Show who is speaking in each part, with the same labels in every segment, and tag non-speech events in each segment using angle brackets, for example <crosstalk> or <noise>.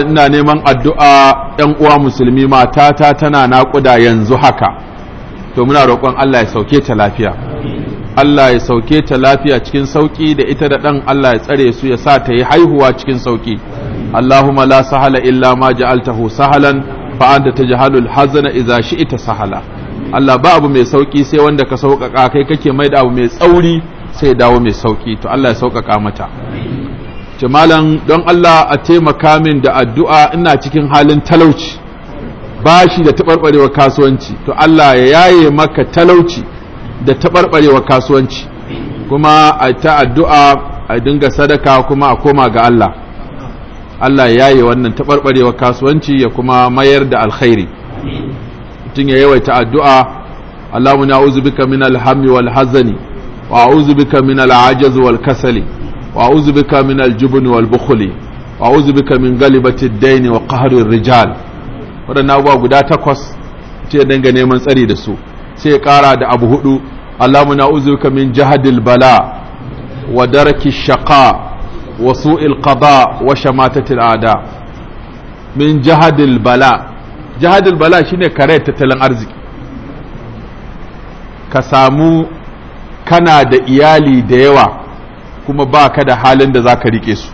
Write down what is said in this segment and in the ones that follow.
Speaker 1: ina neman addu'a ‘yan uwa musulmi matata tana naƙuda yanzu haka, to muna roƙon Allah ya sauke ta lafiya. Allah ya sauke ta lafiya cikin sauƙi da ita da ɗan Allah ya tsare su ya sa ta yi haihuwa cikin sauƙi. Allahumma la sahala illa ma ja'altahu sahalan fa anta tajhalul hazana idza shi'ta sahala. Allah ba abu mai sauƙi sai wanda ka sauƙaƙa kai kake mai da abu mai tsauri sai dawo mai sauƙi to Allah ya sauƙaƙa mata. ce malam don Allah a taimaka min da addu'a ina cikin halin talauci bashi da taɓarɓarewa kasuwanci to Allah ya yaye maka talauci da taɓarɓarewa kasuwanci kuma a ta addu'a a dinga sadaka kuma a koma ga Allah Allah ya yaye wannan taɓarɓarewa kasuwanci ya kuma mayar da alkhairi mutum ya yawaita addu'a Allah na'udhu bika min alhammi wal hazani wa a'udhu bika min al'ajaz kasali وأعوذ بك من الجبن والبخل وأعوذ بك من غلبة الدين وقهر الرجال waɗannan abubuwa guda takwas ce ya danga neman tsari da su sai ya ƙara da abu hudu Allahumma na'uzuka min jahadil bala wa daraki shaqa wa su'il qada wa shamatatil ada min jahadil bala jahadil bala shine kare tattalin arziki ka samu kana da iyali da yawa kuma ba ka da halin da za ka riƙe su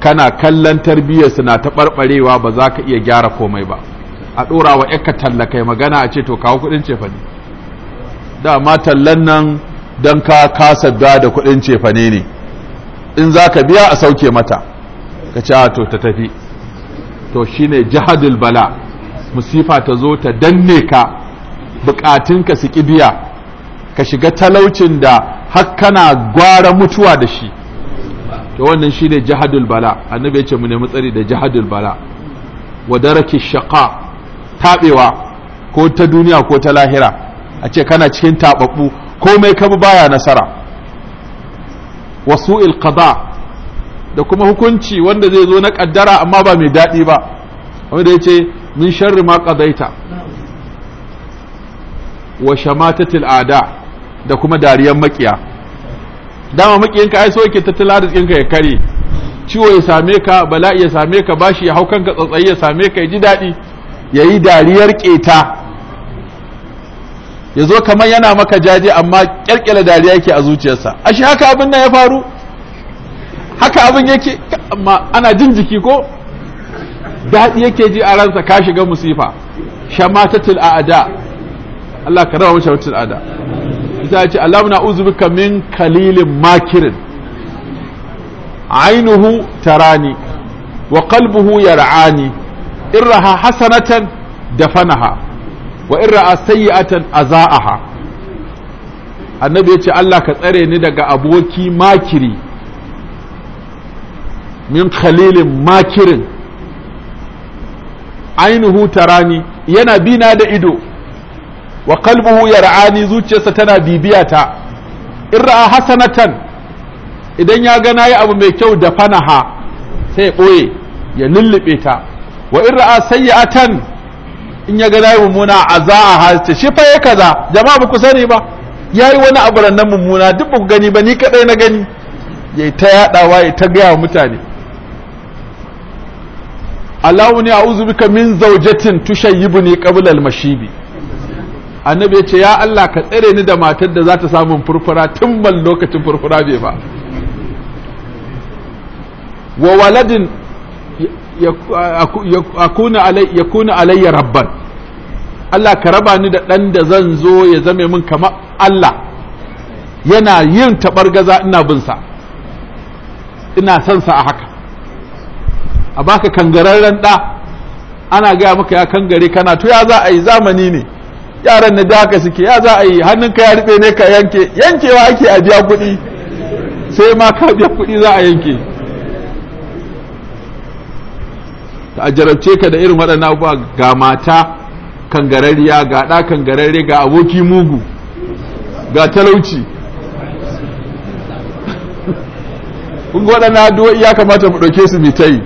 Speaker 1: kana kallon tarbiyyarsu na taɓarɓarewa ba za ka iya gyara komai ba a ɗora wa ka tallakai magana a ce to kawo kuɗin cefane dama tallan nan don ka kasa da kuɗin cefane ne in za ka biya a sauke mata ka ce to ta tafi to shine jihadul bala musifa ta zo ta danne ka ka su biya ka shiga talaucin da har kana gwara mutuwa da shi to wannan shine jahadul bala annabi ya ce mu nemi tsari da jahadul bala wa daraki shaqa tabewa ko ta duniya ko ta lahira a ce kana cikin tababbu komai ka baya nasara wa su'il qada da kuma hukunci wanda zai zo na kaddara amma ba mai daɗi ba wanda yace ce min sharri ma qadaita wa shamatatil ada da kuma dariyan makiya dama makiyin ka ai so yake tattala arzikin ya kare ciwo ya same ka bala'i ya same ka bashi ya hau kanka tsatsayi ya same ka ya ji daɗi ya yi dariyar keta ya zo kamar yana maka jaje amma kyalkyala dariya yake a zuciyarsa ashe haka abin nan ya faru haka abin yake amma ana jin jiki ko daɗi yake ji a ransa ka shiga musifa shamatatul a'ada Allah ka rawa mu shamatatul a'ada ta ce alamna uzubika min kalilin makirin ainihu tarani wa kalbuhu yar'ani irraha hasanatan dafanaha wa irraha sayyatan aza'aha annabi ya ce Allah ka tsare ni daga aboki makiri min kalilin makirin ainihu tarani yana bina da ido wa ya yar'ani zuciyarsa tana bibiya ta in ra'a hasanatan idan ya gana nayi abu mai kyau da fanaha sai ya boye ya lullube ta wa in ra'a sayyatan in ya gana nayi mummuna azaa ta shi fa ya kaza jama'a ba ku sani ba yayi wani abu nan mummuna duk ba ku gani ba ni kadai na gani yayi ta yaɗawa, yayi ta gaya ga mutane Allahu ni a'udhu bika min zawjatin tushayyibuni qabla al-mashibi annabi ya ce ya Allah ka tsare ni da matar da za ta samun furfura tun ban lokacin furfura bai ba wa waladin ya kuna alayya rabban Allah ka raba ni da ɗan da zan zo ya zame min kamar Allah yana yin taɓargaza ina binsa ina son sa a haka a baka kangararren ɗa ana gaya maka ya kangare kana to ya za a yi zamani ne yaran na da haka suke ya za a yi hannunka ya rufe ne ka yanke yankewa ake a biya kuɗi sai ma ka biya kuɗi za a yanke ta jarabce ka da irin waɗannan abubuwa ga mata kangarariya ga ɗa kangararre ga aboki mugu ga talauci <laughs> kun ga waɗannan addu'o'i ya kamata mu ɗauke su mu ta yi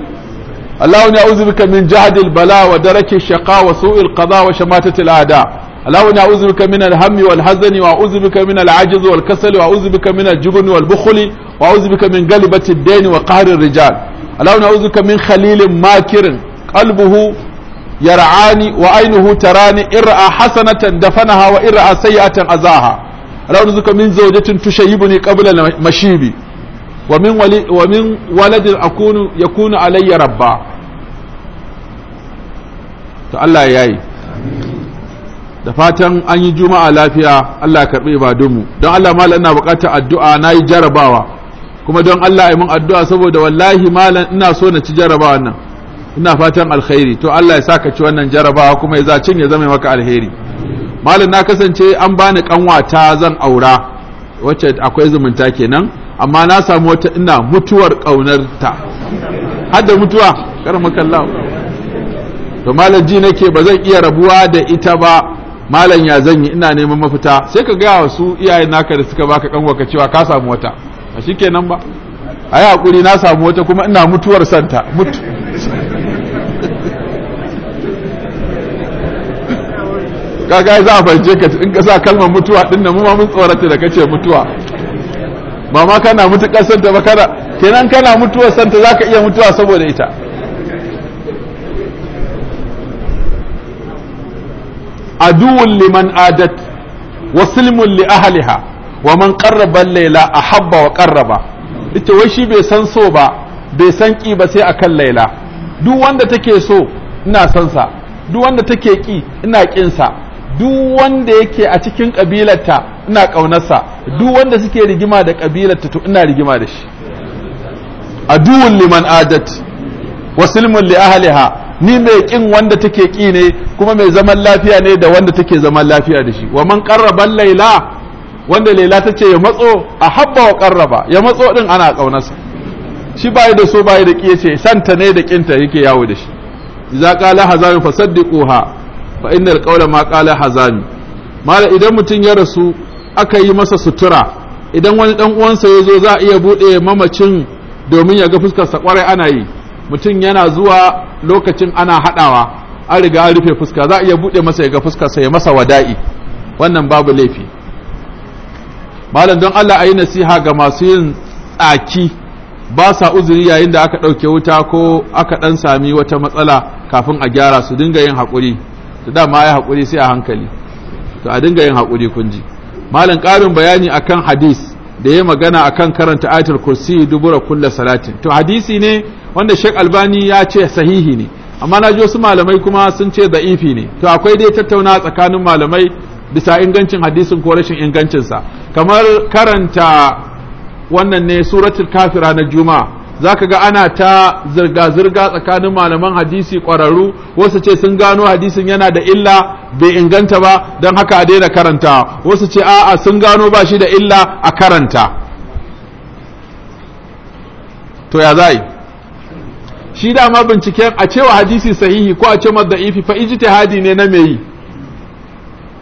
Speaker 1: wani ya uzurka min jahadil bala wa daraki shaqa wa su'il qada wa shamata al اللهم أعوذ بك من الهم والحزن وأعوذ بك من العجز والكسل وأعوذ بك من الجبن والبخل وأعوذ بك من قلبة الدين وقهر الرجال اللهم أعوذ بك من خليل ماكر قلبه يرعاني وعينه تراني إن رأى حسنة دفنها وإن رأى سيئة أزاها اللهم أعوذ بك من زوجة تشيبني قبل مشيبي ومن ولي ومن ولد أكون يكون علي ربا الله ياي da fatan an yi juma'a lafiya Allah ya karbi ibadunmu don Allah malam ina buƙatar addu'a na yi jarabawa kuma don Allah yi mun addu'a saboda wallahi malam ina so na ci jarabawa nan ina fatan alkhairi to Allah ya saka ci wannan jarabawa kuma ya za cin ya zama maka alheri malam na kasance an bani kanwata zan aura wacce akwai zumunta kenan amma na samu wata ina mutuwar ta har da mutuwa karamakallahu to malam ji nake ba zan iya rabuwa da ita ba malam ya yi ina neman mafita sai ka gaya wa su iyayen naka da suka baka kanwa ka cewa ka samu wata a kenan ba a yi haƙuri na samu wata kuma ina mutuwar santa mutu <laughs> kaga za a fahimce ka in ka sa kalmar mutuwa din nan mu ma mun tsorata da kace mutuwa ba ma kana mutukar santa ba kana kenan kana mutuwar santa zaka iya mutuwa saboda ita aduwwun liman adat wa silmun li ahliha wa man qarraba layla ahabba wa qarraba ita wai shi bai san so ba bai san ƙi ba sai akan laila duk wanda take so ina san sa duk wanda take ƙi ina kin sa duk wanda yake a cikin ƙabilarta ina kaunarsa duk wanda suke rigima da ƙabilarta to ina rigima da shi aduwwun liman adat wa li ahliha ni mai kin wanda take ki ne kuma mai zaman lafiya ne da wanda take zaman lafiya da shi wa man qarraba layla wanda layla tace ya matso a habba wa qarraba ya matso din ana kaunarsa shi bai da so bai da ki yace santa ne da kinta yake yawo da shi idza qala hazami fasaddiquha fa innal qawla ma qala hazami mala idan mutum ya rasu aka yi masa sutura idan wani dan uwansa ya zo za a iya buɗe mamacin domin ya ga fuskarsa kwarai ana yi mutum yana zuwa lokacin ana haɗawa an riga an rufe fuska za a iya buɗe masa ya ga fuska ya masa wada'i wannan babu laifi malam don Allah a yi nasiha ga masu yin tsaki ba sa uzuri yayin da aka ɗauke wuta ko aka ɗan sami wata matsala kafin a gyara su dinga yin haƙuri da ma ai haƙuri sai a hankali to a dinga yin haƙuri kun ji malam ƙarin bayani akan hadis da ya magana akan karanta ayatul kursi dubura kulla salatin to hadisi ne wanda Sheikh Albani ya ce sahihi ne amma na ji wasu malamai kuma sun ce da'ifi ne to akwai dai tattauna tsakanin malamai bisa ingancin hadisin ko rashin ingancinsa kamar karanta wannan ne suratul kafira na juma'a za ka ga ana ta zirga-zirga tsakanin malaman hadisi ƙwararru wasu ce sun gano hadisin yana da illa bai inganta ba don haka a daina karanta wasu ce a'a sun gano ba shi da illa a karanta to ya zai Shi shi dama binciken a cewa hadisi sahihi ko a ce madda'ifi fa hadi ne na mai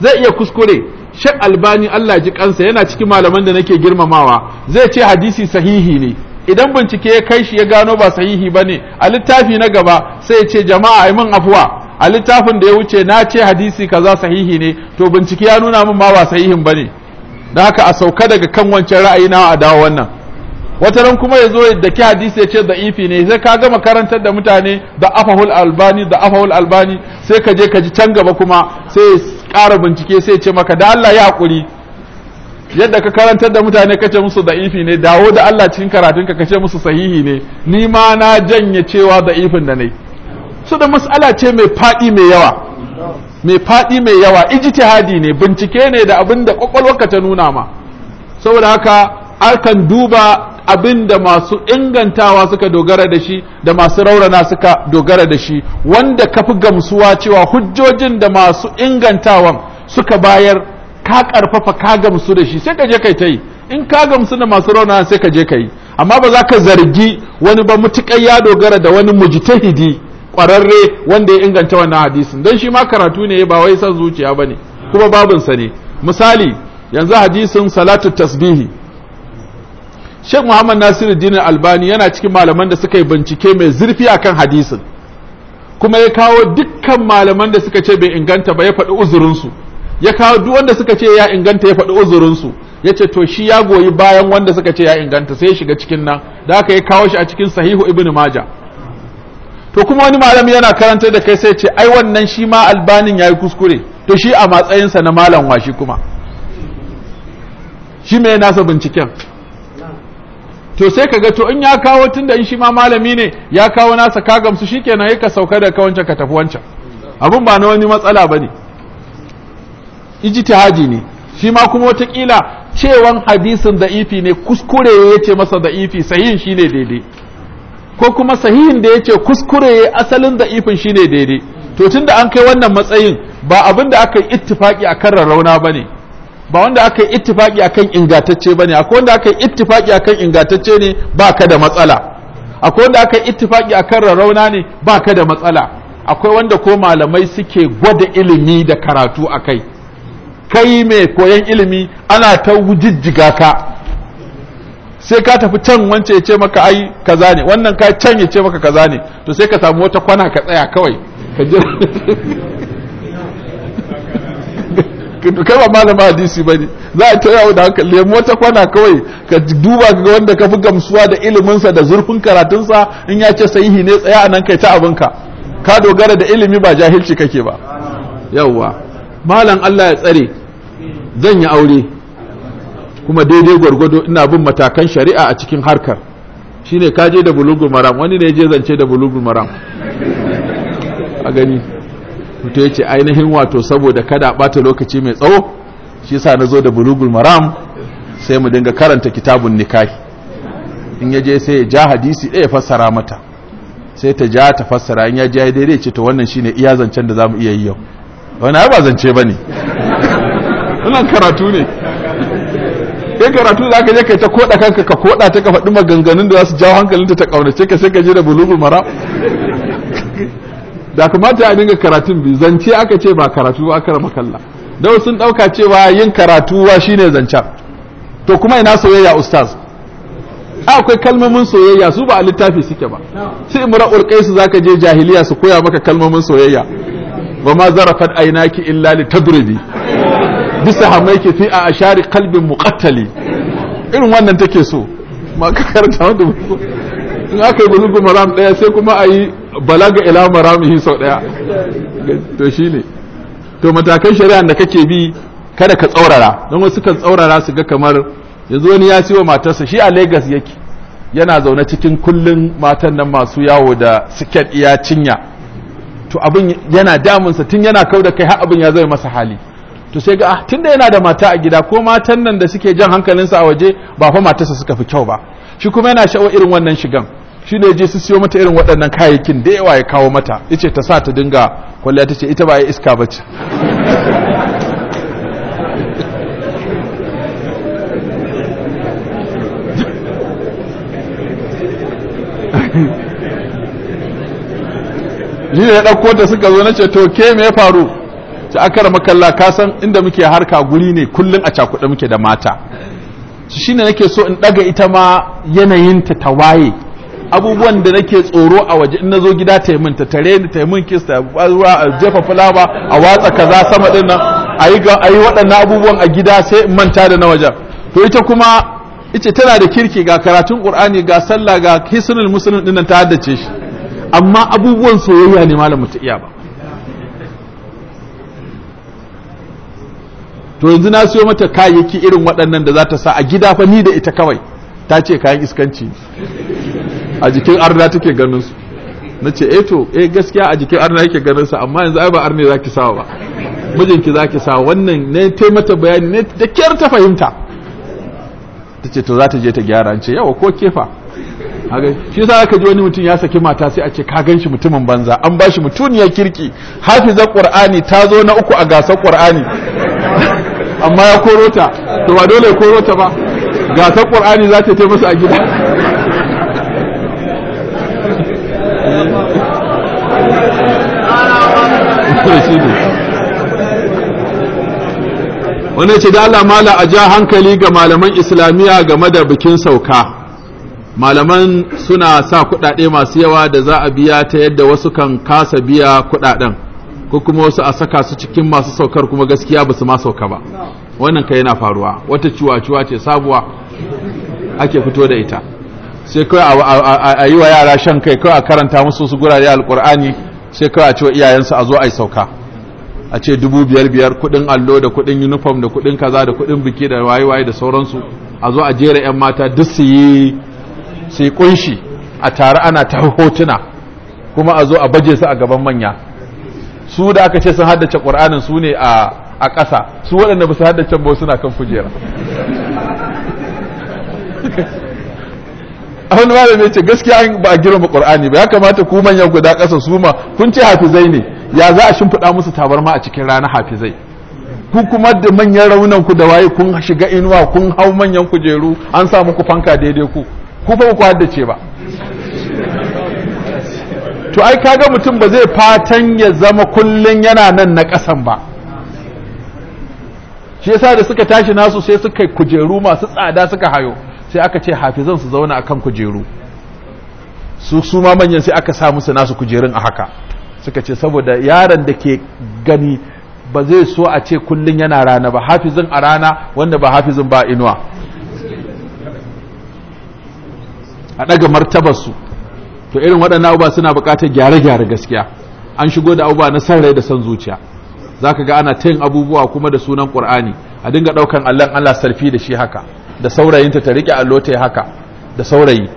Speaker 1: zai iya kuskure shek albani Allah ji kansa yana cikin malaman da nake girmamawa zai ce hadisi sahihi ne idan bincike ya kai shi ya gano ba sahihi ba ne a littafi na gaba sai ya ce jama'a ai min afuwa a littafin da ya wuce na ce hadisi kaza sahihi ne to bincike ya nuna min ma ba sahihin ba ne da haka a sauka daga kan wancan ra'ayi na a dawo wannan wata ran kuma ya zo da ki hadisi ya ce da'ifi ne sai ka gama karantar da mutane da afahul albani da afahul albani sai ka je ka ji can gaba kuma sai ya ƙara bincike sai ya ce maka da Allah ya haƙuri yadda ka karantar da mutane kace musu da'ifi ne dawo da Allah cikin karatunka kace musu sahihi ne ni ma na janye cewa da'ifin da ne su da mas'ala ce mai faɗi mai yawa mai faɗi mai yawa ijtihadi ne bincike ne da abinda da ka ta nuna ma saboda haka akan duba abin da masu ingantawa suka dogara da shi da masu raurana suka dogara da shi wanda kafi gamsuwa cewa hujjojin da masu ingantawan suka bayar ka ƙarfafa ka gamsu da shi sai ka je kai ta in ka gamsu da masu rauna sai ka je ka amma ba za ka zargi wani ba mutukai ya dogara da wani mujtahidi ƙwararre wanda ya inganta wannan hadisin dan shi ma karatu ne ba wai san zuciya ba ne kuma babinsa ne misali yanzu hadisin salatu tasbihi Sheikh Muhammad Nasiruddin Albani yana cikin malaman da suka yi bincike mai zurfi akan hadisin kuma ya kawo dukkan malaman da suka ce bai inganta ba ya faɗi uzurinsu ya kawo duk wanda suka ce ya inganta ya faɗi uzurinsu ya ce to shi ya goyi bayan wanda suka ce ya inganta sai ya shiga cikin nan da aka ya kawo shi a cikin sahihu ibn maja to kuma wani malami yana karanta da kai sai ce ai wannan shi ma albanin ya yi kuskure to shi a matsayinsa na malam washi kuma shi mai nasa binciken to sai ka ga to in ya kawo tun da in shi ma malami ne ya kawo nasa ka gamsu shikenan ya ka sauka da ka ka tafi wancan abun ba na wani matsala ba ne ijtihadi ne shi ma kuma watakila cewan hadisin da'ifi ne kuskure ya ce masa da'ifi sahihin shine daidai ko kuma sahihin da ya kuskure ya asalin da'ifin shine daidai to tunda an kai wannan matsayin ba abin da aka yi ittifaki akan rarrauna bane ba wanda aka yi ittifaki akan ingantacce bane akwai wanda aka yi ittifaki akan ingantacce ne ba ka da matsala akwai wanda aka yi ittifaki akan rarrauna ne ba ka da matsala akwai wanda ko malamai suke gwada ilimi da karatu akai kai mai koyan ilimi ana ta wujijjiga ka sai ka tafi can wance ya ce maka ai kaza ne wannan ka can ya ce maka kaza ne to sai ka samu wata kwana ka tsaya kawai ka jira <laughs> kai ba malama hadisi ba ne za a taya da haka lemu wata kwana kawai ka duba ga wanda ka fi gamsuwa da iliminsa da zurfin karatunsa in ya ce sahihi ne tsaya a nan kai ta abinka ka dogara da ilimi ba jahilci kake ba yawwa malam Allah ya tsare zan yi aure kuma daidai gwargwado ina bin matakan shari'a a cikin harkar shi ka je da bulugul maram wani ne je zance da bulugul maram a gani to ya ce ainihin wato saboda kada bata lokaci mai tsawo shi sa na zo da bulugul maram sai mu dinga karanta kitabun nikahi in ya je sai ya ja hadisi ɗaya eh, fassara mata sai ta ja ta fassara in ya ja daidai ce to wannan shine iya zancen da za mu iya yi yau wani ba zance ba ne. wannan karatu ne kai karatu za ka je ka ta koda kanka ka koda ta ka faɗi maganganun da za su jawo hankalinta ta ƙaunace ka sai ka je da bulugul mara da kamata a dinga karatun bi zance aka ce ba karatu ba aka rama kalla da sun ɗauka cewa yin karatu wa shine zance to kuma ina soyayya ustaz akwai kalmomin soyayya su ba a littafi suke ba sai imra urkai su zaka je jahiliya su koya maka kalmomin soyayya wa ma zarafat aynaki illa litadribi bisa hamai ke fi a ashari kalbin mukattali irin wannan take so ma ka karanta wanda in aka yi bulugu maram daya sai kuma a yi balaga ila maramihi sau daya to ne to matakan shari'a da kake bi kada ka tsaurara don wasu ka tsaurara su ga kamar yanzu wani ya siwa matarsa shi a Legas yake yana zaune cikin kullun matan nan masu yawo da siket iya cinya to abin yana damunsa tun yana kau da kai har abin ya zai masa hali to sai ga tun ah, tunda yana da mata a gida ko matan nan da suke jan hankalinsa a waje ba fa matarsa suka fi kyau ba shi kuma yana sha'awar irin wannan shigan shi ne je su siyo mata irin waɗannan kayayyakin da yawa ya kawo mata yace ta sa ta dinga kwalliya tace ita ba ya iska bace shi <laughs> ne ya ɗauko ta suka zo na ce to ke me ya faru ta aka makalla ka san inda muke harka guri ne kullum a cakuɗe muke da mata su shine nake so in ɗaga ita ma yanayin ta waye abubuwan da nake tsoro a waje in nazo gida ta min ta tare ni ta min kista a jefa fulawa a watsa kaza sama din nan a yi waɗannan abubuwan a gida sai in manta da na wajen to ita kuma ita tana da kirki ga karatun qur'ani ga sallah ga hisnul muslim din nan ta haddace shi amma abubuwan soyayya ne malamu ta iya ba to yanzu na siyo mata kayayyaki irin waɗannan da za ta sa a gida fa ni da ita kawai ta ce kayan iskanci a jikin arna take ganin su na ce eh to eh gaskiya a jikin arna yake ganin su amma yanzu ai ba arne zaki sawa ba mijinki zaki sa wannan ne tai mata bayani ne da kyar ta fahimta ta ce to za ta je ta gyara ce yawa ko kefa haka shi yasa aka ji wani mutum ya saki mata sai a ce ka ganshi mutumin banza an bashi mutuniyar kirki hafizar qur'ani ta zo na uku a gasar qur'ani amma ya koro ta to ba dole ya koro ta ba ga ta qur'ani za ta a gida <laughs> wani ce da Allah mala a ja hankali ga malaman islamiyya game da bikin sauka malaman suna sa kuɗaɗe masu yawa da za a biya ta yadda wasu kan kasa biya kuɗaɗen ko kuma wasu a saka su cikin masu saukar kuma gaskiya ba su ma sauka ba wannan ka yana faruwa wata ciwa-ciwa ce sabuwa ake fito da ita sai kawai a yi wa yara shan kai kawai a karanta musu su gurare alkur'ani sai kawai a ce wa iyayensu a zo a yi sauka a ce dubu biyar biyar kudin allo da kudin uniform da kuɗin kaza da kudin biki da waye-waye da sauransu a zo a jera 'yan mata duk su yi su kunshi a tare ana ta hotuna kuma a zo a baje su a gaban manya su da aka ce sun haddace Kur'anin su ne a ƙasa su waɗanda ba su haddace ba suna kan kujera <laughs> a wani malami ce gaskiya ba a girma ƙur'ani ba ya kamata ku manyan guda ƙasa su ma kun ce hafizai ne ya za a shimfiɗa musu tabarma a cikin rana hafizai ku kuma da manyan raunan ku da waye kun shiga inuwa kun hau manyan kujeru an samu ku fanka daidai ku ku ba ku haddace ba to ai kaga mutum ba zai fatan ya zama kullun yana nan na ƙasan ba shi yasa da suka tashi nasu sai suka kujeru masu tsada suka hayo sai aka ce hafizan su zauna akan kujeru su su ma manyan sai aka sa musu nasu kujerun a haka suka ce saboda yaron da ke gani ba zai so a ce kullun yana rana ba hafizin a rana wanda ba hafizin ba inuwa a ɗaga su to irin waɗannan abubuwa suna buƙatar gyare-gyare gaskiya an shigo da abubuwa na san rai da san zuciya Za ka ga ana tayin abubuwa kuma da sunan ƙur'ani a dinga ɗaukan allon allah sarfi da shi haka da saurayinta ta riƙe allo ta yi haka da saurayi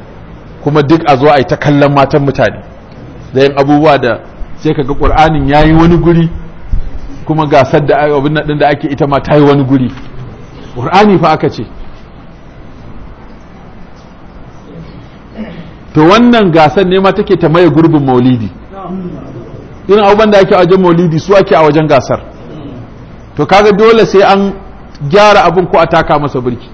Speaker 1: kuma duk a zo a yi ta kallon matan mutane da yin abubuwa da sai ka ga ƙur'anin ya yi wani guri kuma gasar da abin da ake ita ma ta yi wani guri ƙur'ani fa aka ce to wannan gasar ne ma take ta maye gurbin maulidi irin abubuwan da ake a wajen maulidi su ake a wajen gasar to kaga dole sai an gyara abin ko a taka masa birki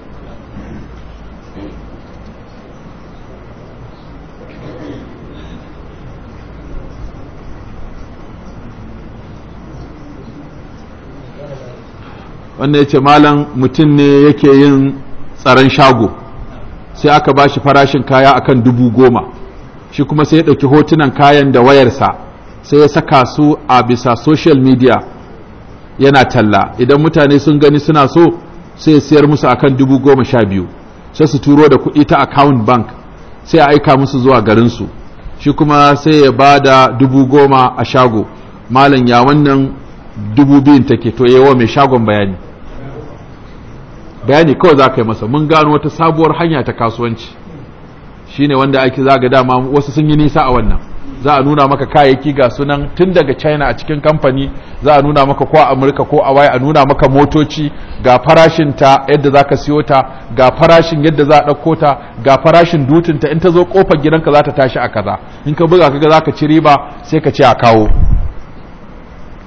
Speaker 1: wannan ya ce malam mutum ne yake yin tsaron shago sai aka ba shi farashin kaya akan dubu goma shi kuma sai ya ɗauki hotunan kayan da wayarsa sai ya saka su a bisa social media yana talla idan mutane sun gani suna so sai ya siyar musu akan dubu goma sha biyu sai su turo da kuɗi ta account bank sai a aika musu zuwa garinsu shi kuma sai ya ba da dubu goma a shago malam ya wannan dubu biyun take to yawa eh, mai shagon bayani bayani kawai za ka yi masa mun gano wata sabuwar hanya ta kasuwanci shine wanda ake zaga dama wasu sun yi nisa a wannan za a nuna maka kayayyaki ga sunan tun daga china a cikin kamfani za a nuna maka ko a amurka ko a a nuna maka motoci ga farashin ta yadda za ka siyo ta ga farashin yadda za a ɗauko ta ga farashin dutinta in ta zo kofar gidanka za ta tashi a kaza in ka buga kaga za ka ci riba sai ka ce a kawo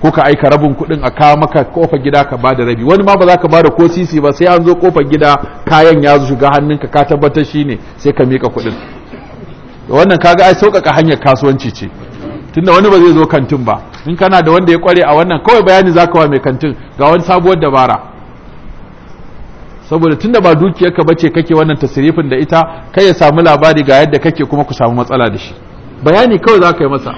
Speaker 1: ko ka aika rabin kuɗin a kawo maka kofar gida ka bada rabi wani ma ba za ka bada ko sisi ba sai an zo kofar gida kayan ya shiga hannunka ka tabbatar shi ne sai ka mika kuɗin wannan kaga ai sauƙaƙa hanyar kasuwanci ce tunda wani ba zai zo kantin ba in kana da wanda ya kware a wannan kawai bayani za ka wa mai kantin ga wani sabuwar dabara saboda tunda ba dukiyarka ba ce kake wannan tasirifin da ita kai ya samu labari ga yadda kake kuma ku samu matsala da shi bayani kawai za ka yi masa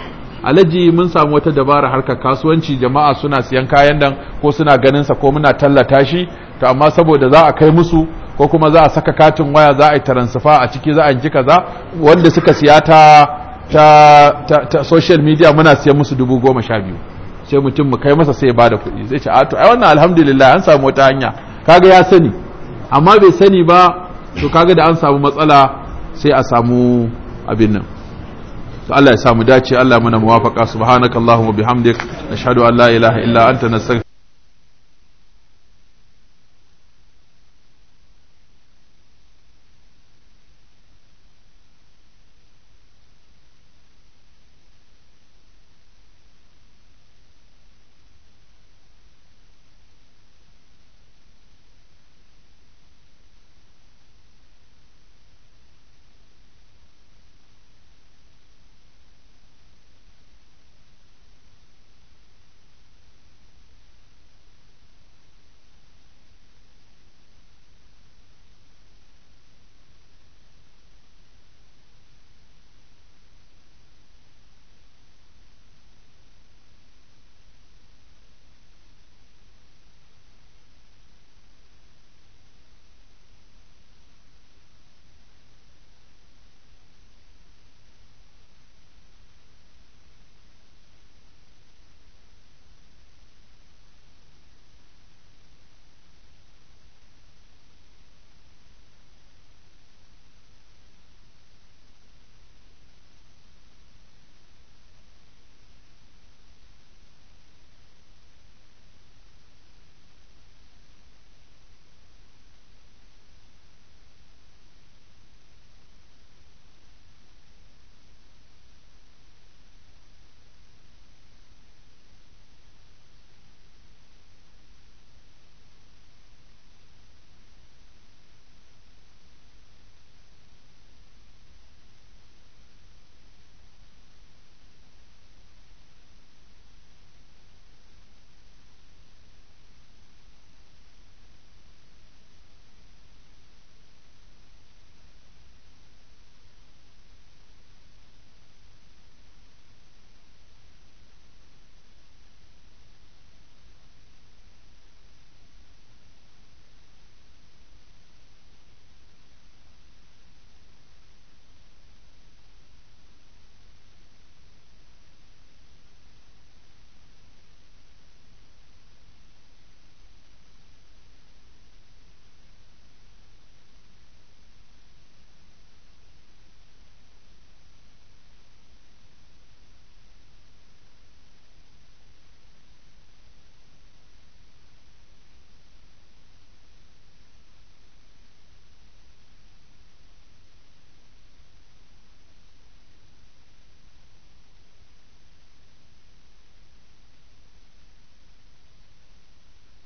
Speaker 1: alaji mun samu wata dabara harkar kasuwanci jama'a suna siyan kayan nan ko suna ganin sa ko muna tallata shi to amma saboda za a kai musu ko kuma za a saka katin waya za a yi taransifa a ciki za a ji kaza wanda suka siya ta ta, ta, ta social media muna siyan musu dubu goma sha biyu sai mutum mu kai masa sai ba da kuɗi zai ce a to ai wannan alhamdulillah an samu wata hanya kaga ya sani amma bai sani ba to kaga da an samu matsala sai a samu abin nan to Allah ya samu dace Allah mana muwafaqa subhanakallahumma bihamdik nashhadu an la ilaha illa anta nastaghfiruka